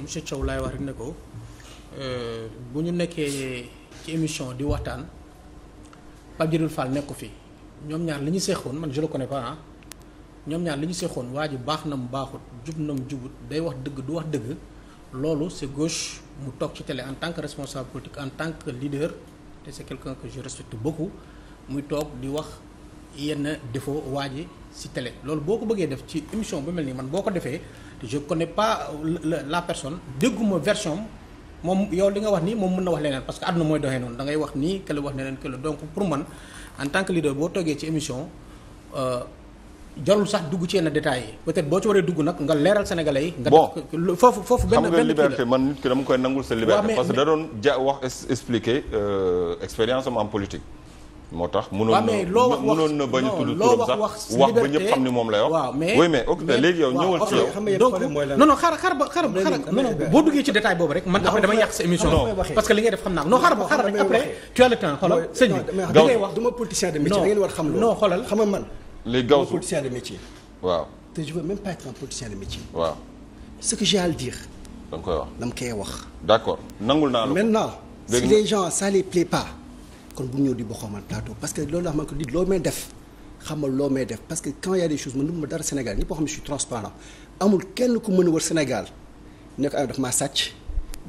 monsieur Thiaw laay wax rek ne ko euh, bu ñu nekkee ci émission di waxtaan Pape Djibril Fall nekku fi ñoom ñaar li ñu seexoon man je le connais pas ah ñoom ñaar li ñu seexoon waa ji baax na mu baaxut jub na mu jubut day wax dëgg du wax dëgg loolu c'est gauche mu toog ci télé en tant que responsable politique en tant que leader te c'est quelqu'un que je respecte beaucoup muy toog di wax yenn défaut waa ji ci télé loolu boo ko bëggee def ci émission bu mel nii man boo ko defee je connais pas la personne dégguma version moom yow li nga wax nii moom mën na wax leneen parce que àdduna mooy doxee noonu da ngay wax nii kële wax leneen kële donc pour man en tant que leader boo toogee ci émission euh, jarul sax dugg ci yenn détails yi peut-être boo ci waree dugg nag nga leeral sénégalais yi. nga def foofu foofu benn benn. xam man nit ki dama koy nangul sa liberté. parce que da doon ja wax expliquer euh, expérience am en politique. moo tax mënoon na mënoon na bañ a tudd turam sax wax ba ñëpp xam ni moom lay wax. waaw mais oui mais ok léegi yow ñëwal ci yow. donc non non xaaral xaaral ba xaaral ba boo duggee ci détail boobu rek man après damay yàq sa émission. parce que li ngay def xam naa ko non xaaral ba xaaral rek après tu as le temps xoolal sëñ bi. da ngay wax du ma politicien de métier da ngeen war xam loolu. non xoolal xam nga man. li gaw su politicien de métier. waaw te je veux même pas être un politicien de métier. waaw ce que j'ai à le dire. da nga koy wax da nga koy wax. d'accord nangul naa la maintenant si les gens ça les plaît pas kon bu ñëw di ba xoomal plateau parce que loolu la xam ne nit loo may def xamal loo may def parce que quand il y a des choses man duma dara Sénégal ñëpp xam ne je transparent amul kenn ku mën a wër Sénégal ne ko ah daf maa sàcc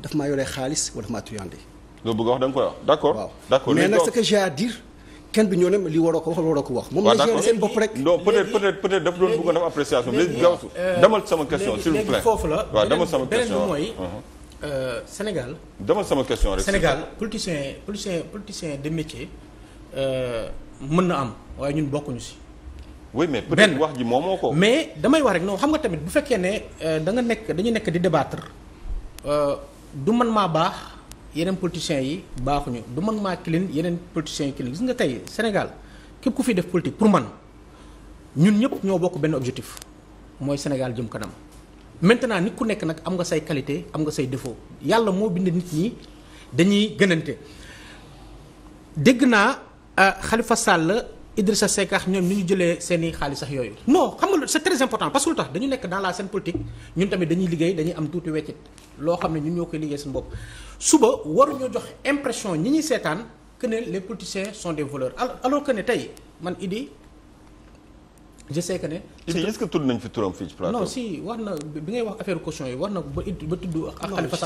daf maa yore xaalis wala daf maa tuyande. loo bëgg a wax da d' accord. waaw ne la géré seen bopp rek. non peut être daf doon bëgg a def appréciation. Euh, demal sama question s'il vous plaît. léegi foofu la waaw demal sama question Euh, Sénégal. dama sama question rek. Sénégal politicien politicien politicien de métier euh, mën na am waaye ñun bokkuñu si. oui mais peut-être wax ji moomoo ko. mais damay wax rek non xam nga tamit bu fekkee ne euh, da nga nekk dañu nekk di débattre euh, du man maa baax yeneen politiciens yi baaxuñu du man maa kilin yeneen politiciens yi kilin gis nga tey Sénégal képp ku fi def politique pour man ñun ñëpp ñoo bokk benn objectif mooy Sénégal jëm kanam. maintenant nit ku nekk nag am nga say qualité am nga say défaut yàlla moo bind nit ñi dañuy gënante dégg naa euh, Khalifa Sall Idrissa Seck ak ñoom ñu ñu jëlee seen i xaalis sax yooyu. non xam nga c'est très important parce que lu tax dañu nekk dans la scène politique ñun tamit dañuy liggéey dañuy am tuuti weccit loo xam ne ñu ñoo koy liggéey seen bopp suba waruñoo jox impression ñi ñuy seetaan que ne les politiciens sont des voleurs alors que ne tey man Idi je see que ne. si est-ce que tudd nañ fi turam fii ci plateau. non si wax na bi ngay wax affaire caution yi wax na ko ba ba tudd. ak Khalifa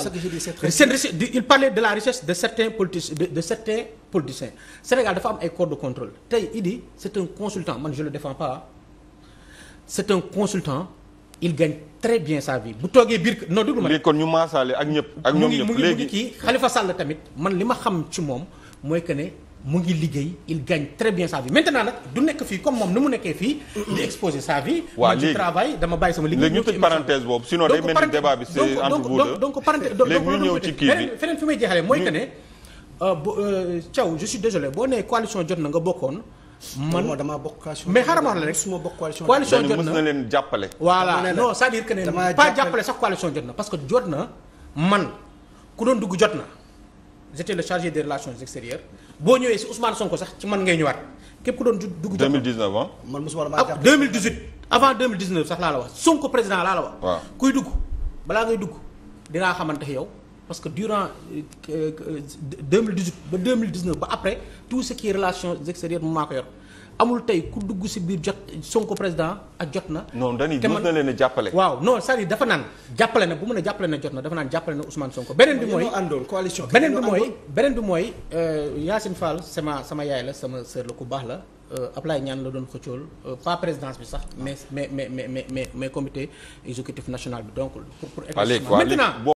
Sall ay corps de contrôle tey Idi c'est un consultant man je le défends pas bu toogee biir non déglu ma léegi kon ñu maasaale ñëpp. ak ñoom ñëpp léegi kii Khalifa Sall tamit man li ma xam ci moom mooy que ne. mu ngi liggéey il gagne très bien sa vie maintenant nag du nekk fii comme moom ni mu nekkee fii. di exposer sa vie. waaw léegi dama bàyyi sama liggéey. léegi ñu tëj boobu sinon day mel ni débat bi c'est entre vous deux donc donc léegi ñu ñëw ci kii bi feneen fi may jeexalee mooy que ne. Euh, euh, Thiaw je suis désolé boo nee coalition jot na nga bokkoon. man non bokk coalition mais xaaral ma wax la rek su ma bokk coalition. coalition jot na leen jàppale. voilà non c'est-à-dire que ne pas jàppale sax que jot na man ku doon dugg jot na j'étais le chargé de relations extérieures boo ñëwee si Ousmane Sonko sax ci man ngay ñëwaat képp ku doon dugg. 2019 ah. man mosuma la ah 2018 avant 2019 sax laa la wax Sonko président laa la wax. waaw kuy dugg balaa ngay dugg dinaa xamante yow. parce que durant 2018 euh, euh, ba 2019 ba après tout ce qui est relations extérieures moo maa ko yor amul tey ku dugg si biir jot Sonko président ak jot na. non dañuy mën na leen a jàppale. waaw non c'est-à-dire dafa naan jàppale na bu mën a jàppale na jot na dafa naan jàppale na Ousmane Sonko. beneen bi mooy àndoon coalition beneen bi mooy beneen bi mooy Yacine Fall sama sama yaay la sama sœur la ku baax la. Euh, Ablaye Niane la doon xëccool pas présidence bi sax mais mais mais mais mais mais comité exécutif national bi donc pour pour. maintenant